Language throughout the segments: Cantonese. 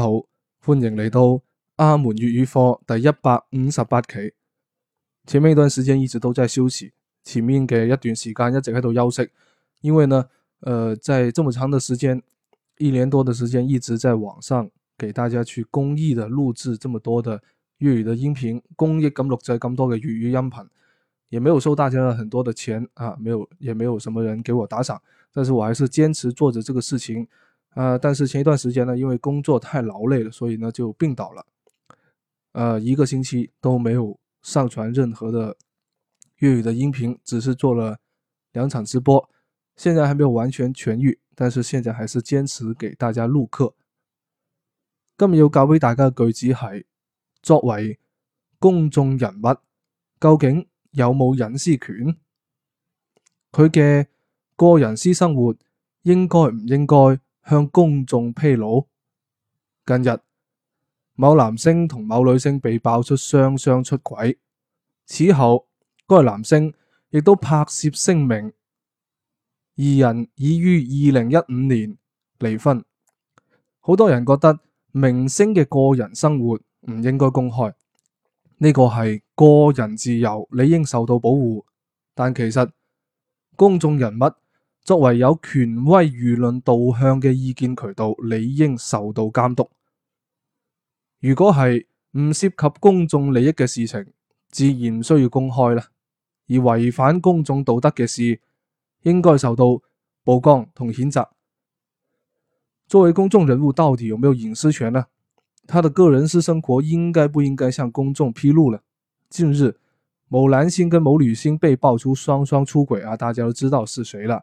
好，歡迎嚟到阿門粵語課第一百五十八期。前面一段時間一直都在休息，前面嘅一段時間一直喺度休息，因為呢，誒、呃，在這麼長的時間，一年多的時間，一直在網上給大家去公益的錄製這麼多的粵語的音頻，公益咁錄製咁多嘅粵語音頻，也沒有收大家很多的錢啊，沒有，也沒有什麼人給我打賞，但是我還是堅持做着這個事情。啊、呃！但是前一段時間呢，因為工作太勞累了，所以呢就病倒了。啊、呃，一個星期都沒有上傳任何的粵語的音頻，只是做了兩場直播。現在還沒有完全痊愈，但是現在還是堅持給大家錄課。今日要教俾大家嘅句子係：作為公眾人物，究竟有冇隱私權？佢嘅個人私生活應該唔應該？向公眾披露，近日某男星同某女星被爆出雙雙出軌。此後，該男星亦都拍攝聲明，二人已於二零一五年離婚。好多人覺得明星嘅個人生活唔應該公開，呢個係個人自由，理應受到保護。但其實，公眾人物。作為有權威輿論導向嘅意見渠道，理應受到監督。如果係唔涉及公眾利益嘅事情，自然唔需要公開啦。而違反公眾道德嘅事，應該受到曝光同譴責。作為公眾人物，到底有沒有隱私權呢？他的個人私生活應該不應該向公眾披露呢？近日，某男星跟某女星被曝出雙雙出軌啊，大家都知道是誰了。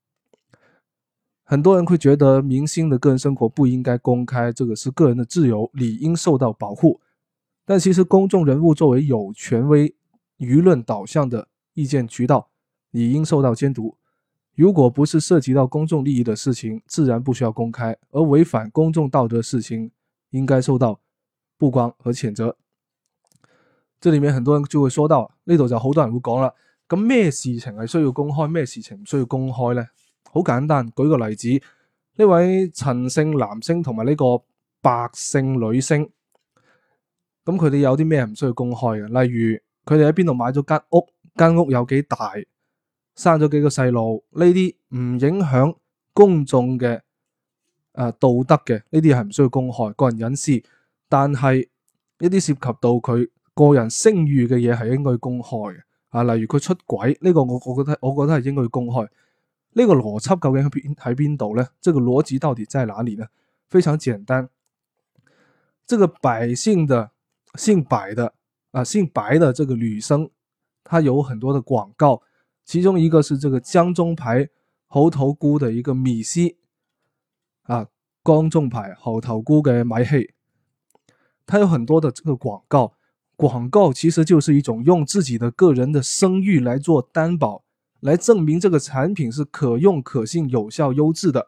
很多人會覺得明星的個人生活不應該公開，這個是個人的自由，理應受到保護。但其實公眾人物作為有權威、輿論導向的意見渠道，理應受到監督。如果不是涉及到公眾利益的事情，自然不需要公開；而違反公眾道德的事情，應該受到曝光和譴責。這裏面很多人就會說到，呢度就好多人會講啦，咁咩事情係需要公開，咩事情唔需要公開呢？好簡單，舉個例子，呢位陳姓男星同埋呢個白姓女星，咁佢哋有啲咩唔需要公開嘅？例如佢哋喺邊度買咗間屋，間屋有幾大，生咗幾個細路，呢啲唔影響公眾嘅啊、呃、道德嘅，呢啲係唔需要公開個人隱私。但係呢啲涉及到佢個人聲譽嘅嘢係應該公開嘅，啊，例如佢出軌呢、呢個，我我覺得我覺得係應該公開。呢個邏輯究竟係喺邊度呢？這個邏輯到底在哪裏呢？非常簡單。這個百姓的姓白的啊，姓白的這個女生，她有很多的廣告，其中一個是這個江中牌猴頭菇的一個米稀，啊，江中牌猴頭菇嘅米稀，它有很多的這個廣告，廣告其實就是一種用自己的個人的聲譽來做擔保。來證明這個產品是可用、可先有效、優質的。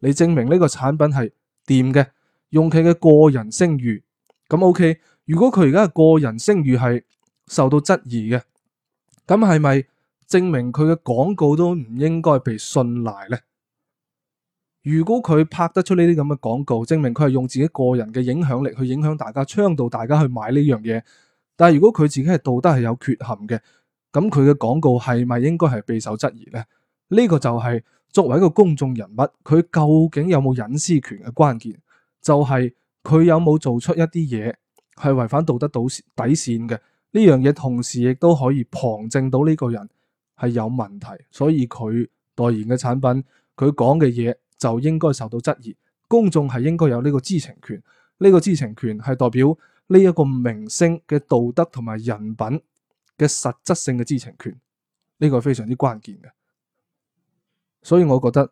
你證明呢個產品係掂嘅，用佢嘅個人聲譽，咁 OK。如果佢而家嘅個人聲譽係受到質疑嘅，咁係咪證明佢嘅廣告都唔應該被信賴呢？如果佢拍得出呢啲咁嘅廣告，證明佢係用自己個人嘅影響力去影響大家，倡導大家去買呢樣嘢，但係如果佢自己係道德係有缺陷嘅。咁佢嘅廣告係咪應該係備受質疑呢？呢、這個就係作為一個公眾人物，佢究竟有冇隱私權嘅關鍵，就係、是、佢有冇做出一啲嘢係違反道德底底線嘅呢樣嘢。這個、同時亦都可以旁證到呢個人係有問題，所以佢代言嘅產品，佢講嘅嘢就應該受到質疑。公眾係應該有呢個知情權，呢、這個知情權係代表呢一個明星嘅道德同埋人品。嘅實質性嘅知情權，呢個係非常之關鍵嘅。所以我覺得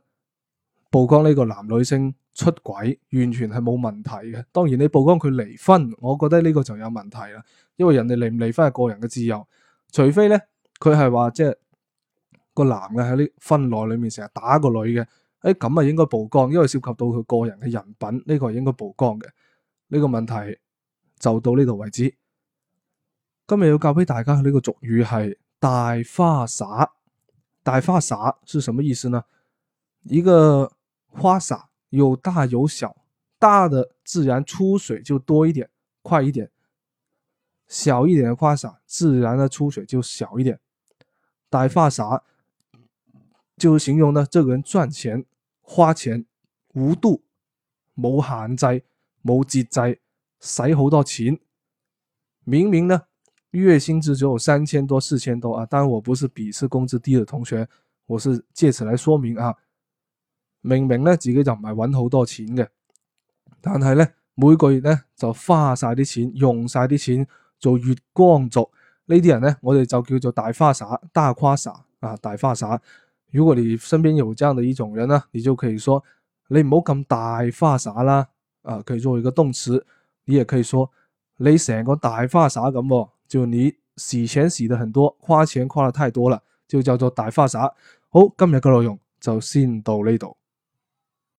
曝光呢個男女星出軌完全係冇問題嘅。當然你曝光佢離婚，我覺得呢個就有問題啦。因為人哋離唔離婚係個人嘅自由，除非咧佢係話即係個男嘅喺呢婚內裏面成日打個女嘅，誒咁啊應該曝光，因為涉及到佢個人嘅人品，呢個應該曝光嘅。呢個問題就到呢度為止。今日要教俾大家呢個俗語係大花灑，大花灑是什麼意思呢？一個花灑有大有小，大的自然出水就多一點，快一點；小一點嘅花灑，自然嘅出水就小一點。大花灑就是形容呢，這個人賺錢、花錢無度，冇限制、冇節制，使好多錢，明明呢，月薪只有三千多、四千多啊！當然我不是鄙視工資低的同學，我是借此來說明啊。明明呢，自己就唔係搵好多錢嘅，但係咧每個月咧就花晒啲錢，用晒啲錢做月光族。呢啲人咧，我哋就叫做大花灑、大花灑啊！大花灑，如果你身邊有這樣的一種人呢，你就可以說你唔好咁大花灑啦，啊，可以作為一個動詞，你也可以說你成個大花灑咁。就你洗錢洗得很多，花錢花得太多了，就叫做大花灑。好，今日嘅內容就先到呢度。